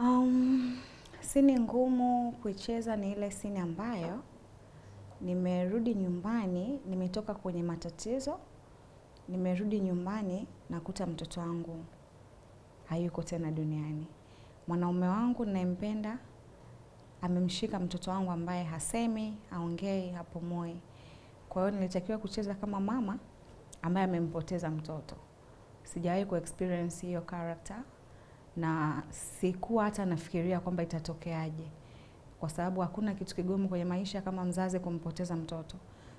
Um, sini ngumu kuicheza ni ile sini ambayo nimerudi nyumbani, nimetoka kwenye matatizo, nimerudi nyumbani nakuta mtoto wangu hayuko tena duniani. Mwanaume wangu ninayempenda amemshika mtoto wangu ambaye hasemi, haongei, hapumui. Kwa hiyo nilitakiwa kucheza kama mama ambaye amempoteza mtoto. Sijawahi kuexperience hiyo character na sikuwa hata nafikiria kwamba itatokeaje, kwa sababu hakuna kitu kigumu kwenye maisha kama mzazi kumpoteza mtoto.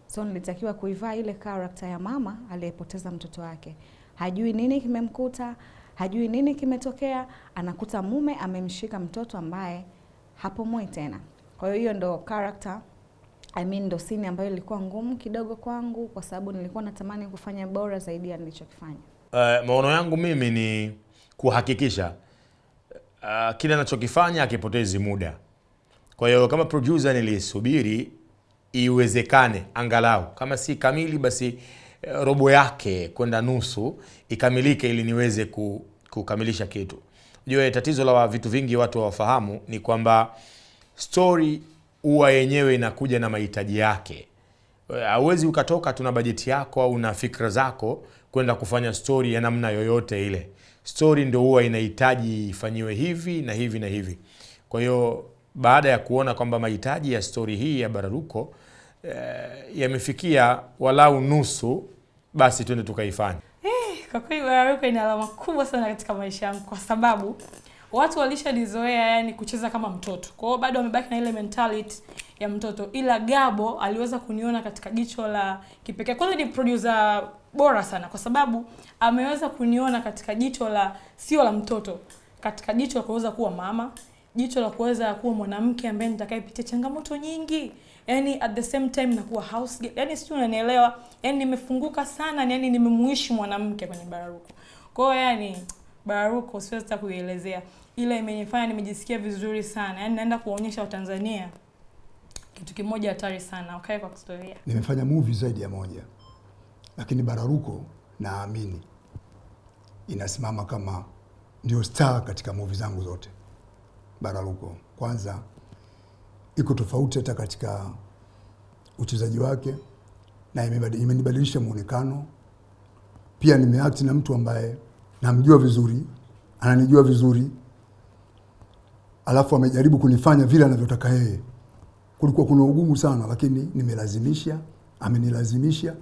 So nilitakiwa kuivaa ile karakta ya mama aliyepoteza mtoto wake, hajui nini kimemkuta, hajui nini kimetokea, anakuta mume amemshika mtoto ambaye hapomwi tena. Kwa hiyo hiyo ndo karakta I mean, ndo sini ambayo ilikuwa ngumu kidogo kwangu, kwa sababu nilikuwa natamani kufanya bora zaidi ya nilichokifanya. Uh, maono yangu mimi ni kuhakikisha uh, kile anachokifanya akipotezi muda. Kwa hiyo kama producer nilisubiri iwezekane angalau kama si kamili basi uh, robo yake kwenda nusu ikamilike ili niweze kukamilisha kitu. Unajua, tatizo la vitu vingi watu hawafahamu ni kwamba story huwa yenyewe inakuja na mahitaji yake. Hauwezi ukatoka tuna bajeti yako au na fikra zako kwenda kufanya story ya namna yoyote ile story ndio huwa inahitaji ifanyiwe hivi na hivi na hivi. Kwa hiyo baada ya kuona kwamba mahitaji ya stori hii ya bararuko eh, yamefikia walau nusu, basi twende tukaifanya. Eh, kwa kweli Bararuko ina alama kubwa sana katika maisha yangu kwa sababu watu walishanizoea yani kucheza kama mtoto, kwa hiyo bado wamebaki na ile mentality ya mtoto, ila Gabo aliweza kuniona katika jicho la kipekee. Kwanza ni producer bora sana, kwa sababu ameweza kuniona katika jicho la sio la mtoto, katika jicho la kuweza kuwa mama, jicho la kuweza kuwa mwanamke ambaye nitakayepitia changamoto nyingi yani at the same time nakuwa house girl, yani sio, unanielewa? Yani nimefunguka sana, yani nimemuishi mwanamke kwenye Bararuko. Kwa hiyo yani Bararuko siwezi hata kuielezea, ila imenifanya nimejisikia vizuri sana, yani naenda kuwaonyesha Watanzania kitu kimoja hatari sana, ukae kwa historia. Nimefanya movie zaidi ya moja, lakini Bararuko naamini inasimama kama ndio star katika movie zangu zote. Bararuko kwanza iko tofauti hata katika uchezaji wake na imenibadilisha muonekano pia. Nimeact na mtu ambaye namjua vizuri, ananijua vizuri, alafu amejaribu kunifanya vile anavyotaka yeye kulikuwa kuna ugumu sana, lakini nimelazimisha, amenilazimisha,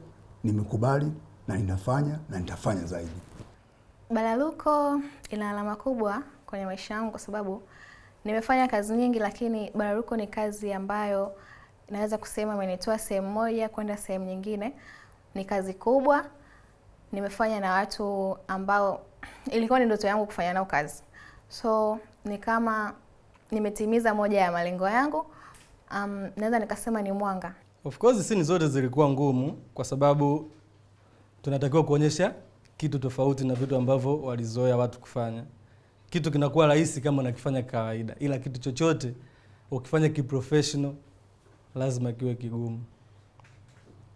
nimekubali na ninafanya na nitafanya zaidi. Balaluko ina alama kubwa kwenye maisha yangu kwa sababu nimefanya kazi nyingi, lakini baraluko ni kazi ambayo naweza kusema imenitoa sehemu moja kwenda sehemu nyingine. Ni kazi kubwa, nimefanya na watu ambao ilikuwa ni ndoto yangu kufanya nao kazi, so ni kama nimetimiza moja ya malengo yangu um, naweza nikasema ni mwanga. Of course sini zote zilikuwa ngumu kwa sababu tunatakiwa kuonyesha kitu tofauti na vitu ambavyo walizoea watu kufanya. Kitu kinakuwa rahisi kama unakifanya kawaida, ila kitu chochote ukifanya kiprofessional lazima kiwe kigumu.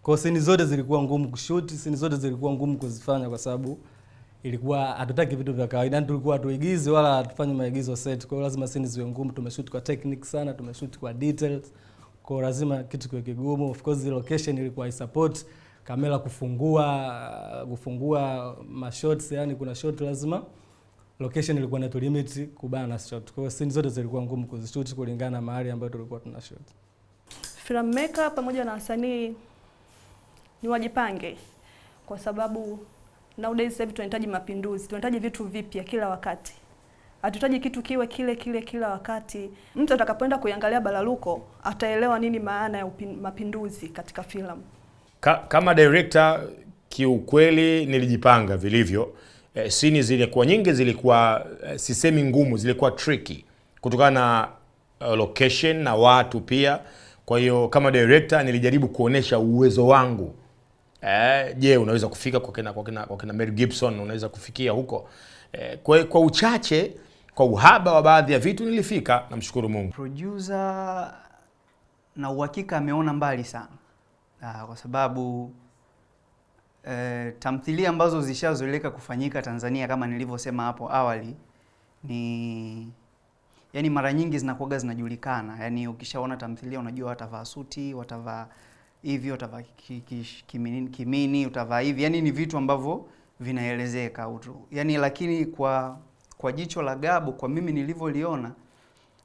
Kwa sini zote zilikuwa ngumu kushuti, sini zote zilikuwa ngumu kuzifanya kwa sababu ilikuwa hatutaki vitu vya kawaida, yani tulikuwa tuigize wala tufanye maigizo set. Kwa hiyo lazima scenes ziwe ngumu, tumeshoot kwa technique sana, tumeshoot kwa details, kwa lazima kitu kiwe kigumu. Of course location ilikuwa isupport kamera kufungua kufungua mashots, yani kuna shot lazima location ilikuwa na limit kubana na shot. Kwa hiyo scenes zote zilikuwa ngumu kuzishoot kulingana na mahali ambayo tulikuwa tuna shot. Filmmaker pamoja na wasanii ni wajipange kwa sababu nowadays sasa hivi tunahitaji mapinduzi, tunahitaji vitu vipya kila wakati. Hatuhitaji kitu kiwe kile kile kila wakati. Mtu atakapoenda kuiangalia Baraluko ataelewa nini maana ya upin, mapinduzi katika filamu. Ka, kama director kiukweli nilijipanga vilivyo. Eh, e, sini zilikuwa nyingi, zilikuwa e, sisemi ngumu, zilikuwa tricky kutokana na uh, location na watu pia. Kwa hiyo kama director nilijaribu kuonesha uwezo wangu eh, je, unaweza kufika kwa kina, kwa kina, kwa kina Mary Gibson unaweza kufikia huko eh, kwa, kwa uchache kwa uhaba wa baadhi ya vitu nilifika, namshukuru Mungu. Producer na uhakika ameona mbali sana aa, ah, kwa sababu e, tamthilia ambazo zishazoeleka kufanyika Tanzania kama nilivyosema hapo awali ni yani, mara nyingi zinakuwaga zinajulikana, yani ukishaona tamthilia unajua watavaa suti, watavaa hivi, utavaa kimini, kimini utavaa hivi, yani ni vitu ambavyo vinaelezeka tu yani, lakini kwa kwa jicho la Gabo, kwa mimi nilivyoliona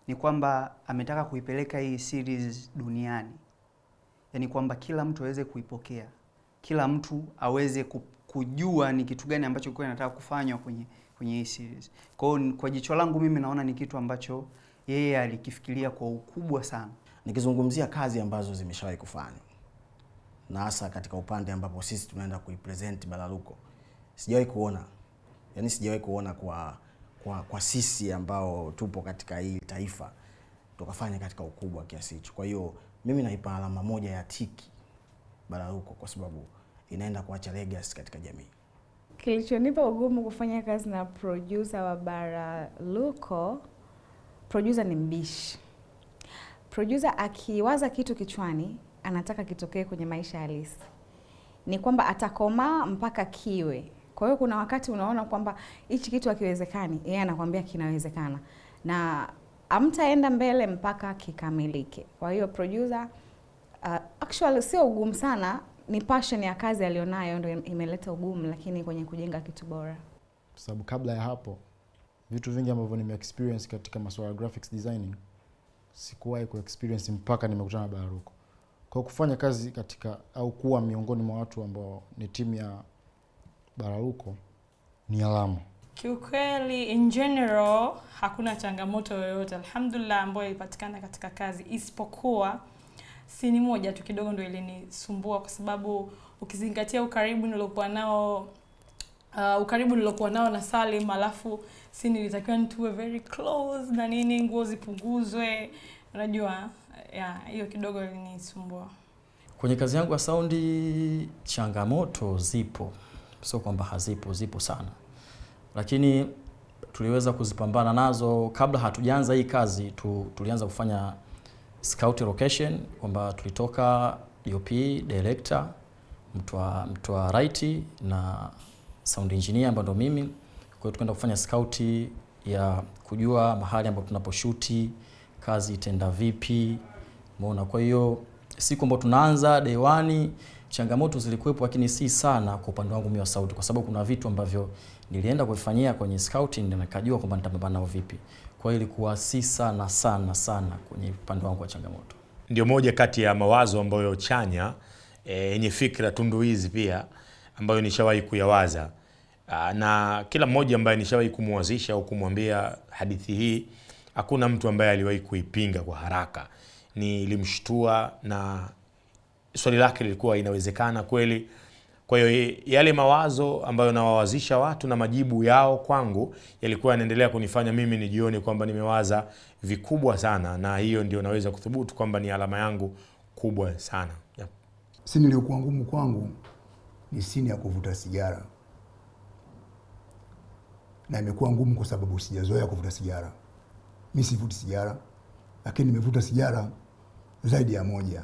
ni kwamba ametaka kuipeleka hii series duniani, yani kwamba kila mtu aweze kuipokea, kila mtu aweze kujua ni kitu gani ambacho kwa anataka kufanywa kwenye kwenye hii series. Kwa hiyo kwa jicho langu mimi naona ni kitu ambacho yeye alikifikiria kwa ukubwa sana, nikizungumzia kazi ambazo zimeshawahi kufanywa na hasa katika upande ambapo sisi tunaenda kuipresent Baraluko. Sijawahi kuona yani, sijawahi kuona kwa, kwa, kwa sisi ambao tupo katika hii taifa tukafanya katika ukubwa kiasi hicho. Kwa hiyo mimi naipa alama moja ya tiki Baraluko kwa sababu inaenda kuacha legacy katika jamii. Kilichonipa ugumu kufanya kazi na producer wa Baraluko, producer ni mbishi. Producer akiwaza kitu kichwani anataka kitokee kwenye maisha halisi ni kwamba atakomaa mpaka kiwe. Kwa hiyo kuna wakati unaona kwamba hichi kitu hakiwezekani, yeye anakwambia kinawezekana na amtaenda mbele mpaka kikamilike. Kwa hiyo producer, uh, actually sio ugumu sana, ni passion ya kazi alionayo ndio imeleta ugumu, lakini kwenye kujenga kitu bora, kwa sababu kabla ya hapo vitu vingi ambavyo nime experience katika masuala ya graphics designing sikuwahi ku experience mpaka nimekutana na Baruko kwa kufanya kazi katika au kuwa miongoni mwa watu ambao ni timu ya Baraluko ni alama kiukweli. In general hakuna changamoto yoyote alhamdulillah, ambayo ilipatikana katika kazi, isipokuwa sini moja tu kidogo ndio ilinisumbua, kwa sababu ukizingatia ukaribu niliokuwa nao Uh, ukaribu nilokuwa nao na Salim, alafu si nilitakiwa nituwe very close na nini, nguo zipunguzwe, unajua ya hiyo kidogo ilinisumbua. Kwenye kazi yangu ya saundi, changamoto zipo, sio kwamba hazipo, zipo sana, lakini tuliweza kuzipambana nazo. Kabla hatujaanza hii kazi tu, tulianza kufanya scout location kwamba tulitoka DOP director, mtu wa mtu wa right na sound engineer ambaye ndo mimi. Kwa hiyo tukaenda kufanya scout ya kujua mahali ambapo tunaposhuti kazi itenda vipi, umeona. Kwa hiyo siku ambayo tunaanza day one changamoto zilikuwepo, lakini si sana kwa upande wangu mimi wa sauti, kwa sababu kuna vitu ambavyo nilienda kuifanyia kwenye scouting na nikajua kwamba nitapambana nao vipi. Kwa hiyo ilikuwa si sana sana sana kwenye upande wangu wa changamoto. Ndio moja kati ya mawazo ambayo chanya eh, yenye e, fikra tunduizi pia ambayo nishawahi kuyawaza ah, na kila mmoja ambaye nishawahi kumwazisha au kumwambia hadithi hii hakuna mtu ambaye aliwahi kuipinga kwa haraka. Nilimshtua na swali lake lilikuwa inawezekana kweli? Kwa hiyo yale mawazo ambayo nawawazisha watu na majibu yao kwangu yalikuwa yanaendelea kunifanya mimi nijione kwamba nimewaza vikubwa sana, na hiyo ndio naweza kuthubutu kwamba ni alama yangu kubwa sana yep. Sini iliyokuwa ngumu kwangu ni sini ya kuvuta sigara, na imekuwa ngumu kwa sababu sijazoea kuvuta sigara mimi sivuti sigara, lakini nimevuta sigara zaidi ya moja,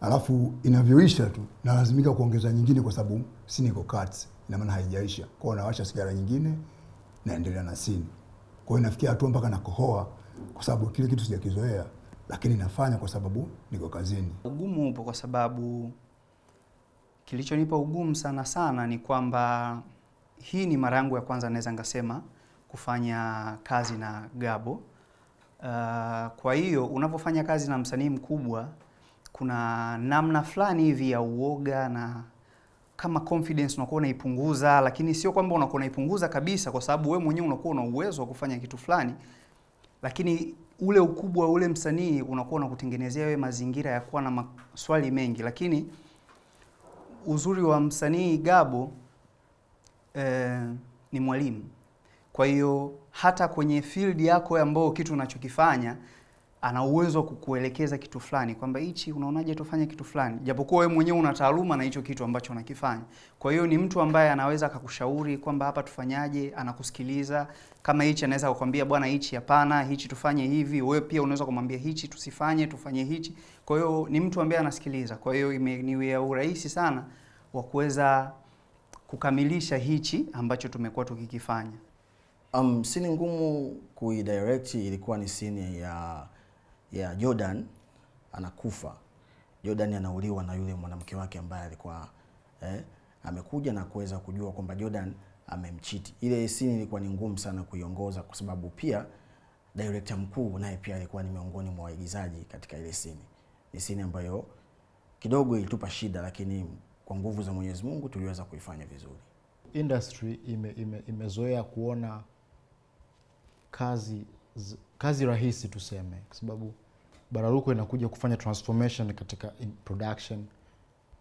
alafu inavyoisha tu nalazimika kuongeza nyingine, kwa sababu sini iko ina maana haijaisha. kwao, nawasha sigara nyingine, naendelea na sini. Kwa hiyo nafikia hatua mpaka nakohoa, kwa sababu kile kitu sijakizoea, lakini nafanya kwa sababu niko kazini. Ugumu upo kwa sababu kilichonipa ugumu sana sana ni kwamba hii ni mara yangu ya kwanza, naweza ngasema kufanya kazi na Gabo. Uh, kwa hiyo unapofanya kazi na msanii mkubwa kuna namna fulani hivi ya uoga na kama confidence unakuwa unaipunguza, lakini sio kwamba unakuwa unaipunguza kabisa, kwa sababu wewe mwenyewe unakuwa una uwezo wa kufanya kitu fulani, lakini ule ukubwa ule msanii unakuwa unakutengenezea wewe mazingira ya kuwa na maswali mengi. Lakini uzuri wa msanii Gabo eh, ni mwalimu. Kwa hiyo hata kwenye field yako ambayo kitu unachokifanya ana uwezo wa kukuelekeza kitu fulani kwamba hichi unaonaje tufanye kitu fulani, japokuwa wewe mwenyewe una taaluma na hicho kitu ambacho unakifanya. Kwa hiyo ni mtu ambaye anaweza akakushauri kwamba hapa tufanyaje, anakusikiliza. Kama hichi anaweza kukwambia bwana, hichi hapana, hichi tufanye hivi. Wewe pia unaweza kumwambia hichi tusifanye, tufanye hichi. Kwa hiyo ni mtu ambaye anasikiliza. Kwa hiyo imeniwia urahisi sana wa kuweza kukamilisha hichi ambacho tumekuwa tukikifanya. Um, sini ngumu kuidirect ilikuwa ni sini ya, ya Jordan anakufa. Jordan anauliwa na yule mwanamke wake ambaye alikuwa eh, amekuja na kuweza kujua kwamba Jordan amemchiti. Ile sini ilikuwa ni ngumu sana kuiongoza kwa sababu pia director mkuu naye pia alikuwa ni miongoni mwa waigizaji katika ile sini. Ni sini ambayo kidogo ilitupa shida, lakini kwa nguvu za Mwenyezi Mungu tuliweza kuifanya vizuri. Industry imezoea ime, ime kuona kazi, kazi rahisi tuseme, kwa sababu bararuko inakuja kufanya transformation katika production.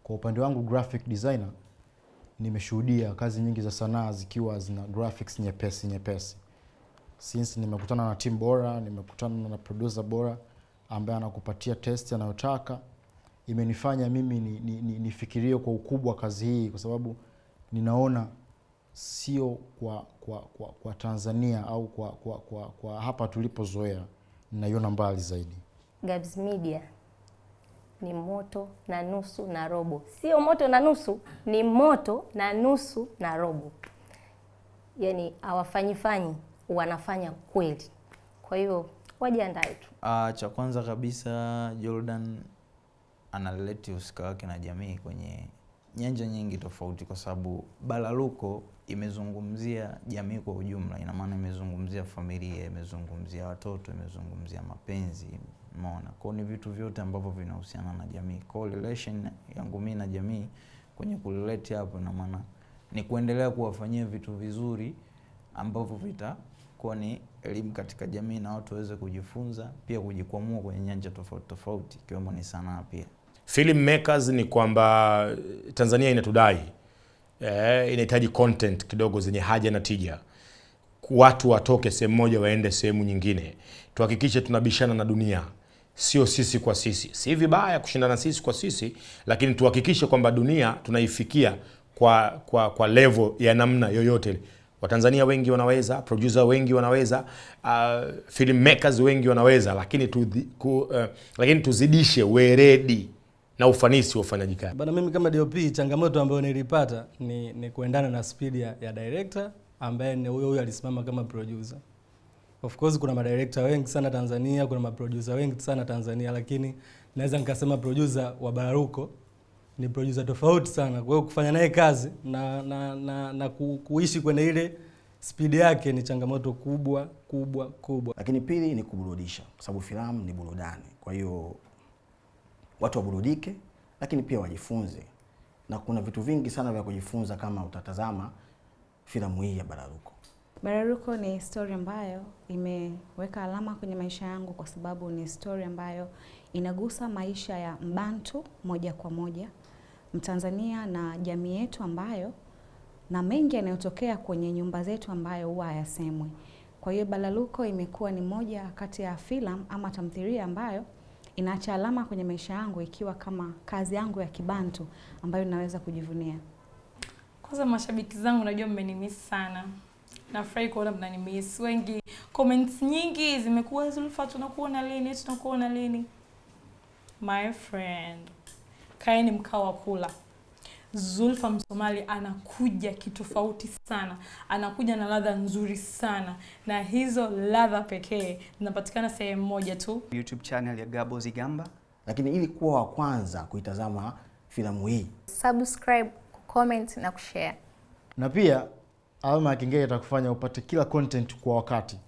Kwa upande wangu graphic designer, nimeshuhudia kazi nyingi za sanaa zikiwa zina graphics nyepesi nyepesi. Since nimekutana na team bora, nimekutana na producer bora ambaye anakupatia test anayotaka, imenifanya mimi nifikirie ni, ni, ni kwa ukubwa kazi hii, kwa sababu ninaona sio kwa, kwa, kwa, kwa Tanzania au kwa, kwa, kwa, kwa hapa tulipozoea, naiona mbali zaidi. Gabs Media ni moto na nusu na robo, sio moto na nusu, ni moto na nusu na robo. Yani hawafanyifanyi, wanafanya kweli. Kwa hiyo wajiandae tu. Uh, cha kwanza kabisa Jordan analeti husika usika wake na jamii kwenye nyanja nyingi tofauti, kwa sababu Balaluko imezungumzia jamii kwa ujumla. Ina maana imezungumzia familia, imezungumzia watoto, imezungumzia mapenzi, umeona. Kwa ni vitu vyote ambavyo vinahusiana na jamii. Kwa relation yangu mimi na jamii kwenye kulete hapo, ina maana ni kuendelea kuwafanyia vitu vizuri ambavyo vitakuwa ni elimu katika jamii na watu waweze kujifunza pia kujikwamua kwenye nyanja tofauti tofauti, ikiwemo ni sanaa pia film makers ni kwamba eh, Tanzania inatudai eh, inahitaji content kidogo zenye haja na tija, watu watoke sehemu moja waende sehemu nyingine, tuhakikishe tunabishana na dunia, sio sisi kwa sisi. Si vibaya kushindana sisi kwa sisi, lakini tuhakikishe kwamba dunia tunaifikia kwa, kwa, kwa level ya namna yoyote. Watanzania wengi wanaweza, producer wengi wanaweza, uh, ah, filmmakers wengi wanaweza, lakini, tu, ku, uh, lakini tuzidishe weredi na ufanisi wa ufanyaji kazi. Bana, mimi kama DOP changamoto ambayo nilipata ni, ni kuendana na speed ya, ya director ambaye ni huyo huyo alisimama kama producer. Of course kuna madirector wengi sana Tanzania, kuna maproducer wengi sana Tanzania, lakini naweza nikasema producer wa Baruko ni producer tofauti sana. Kwa hiyo kufanya naye kazi na, na, na, na ku, kuishi kwenye ile speed yake ni changamoto kubwa kubwa kubwa, lakini pili ni kuburudisha, kwa sababu filamu ni burudani, kwa hiyo watu waburudike, lakini pia wajifunze, na kuna vitu vingi sana vya kujifunza kama utatazama filamu hii ya Bararuko. Bararuko ni story ambayo imeweka alama kwenye maisha yangu kwa sababu ni story ambayo inagusa maisha ya Mbantu moja kwa moja, Mtanzania na jamii yetu ambayo na mengi yanayotokea kwenye nyumba zetu ambayo huwa hayasemwi. Kwa hiyo Bararuko imekuwa ni moja kati ya filamu ama tamthilia ambayo inaacha alama kwenye maisha yangu ikiwa kama kazi yangu ya Kibantu ambayo ninaweza kujivunia. Kwanza mashabiki zangu, najua mmenimiss sana. Nafurahi kuona mnanimiss. Wengi comments nyingi zimekuwa Zulfa, tunakuona lini? Tunakuona lini? My friend, kaeni mkao wa kula. Zulfa Msomali anakuja kitofauti sana, anakuja na ladha nzuri sana, na hizo ladha pekee zinapatikana sehemu moja tu, YouTube channel ya Gabo Zigamba. Lakini ili kuwa wa kwanza kuitazama filamu hii, subscribe, comment na kushare, na pia alama ya kengele itakufanya upate kila content kwa wakati.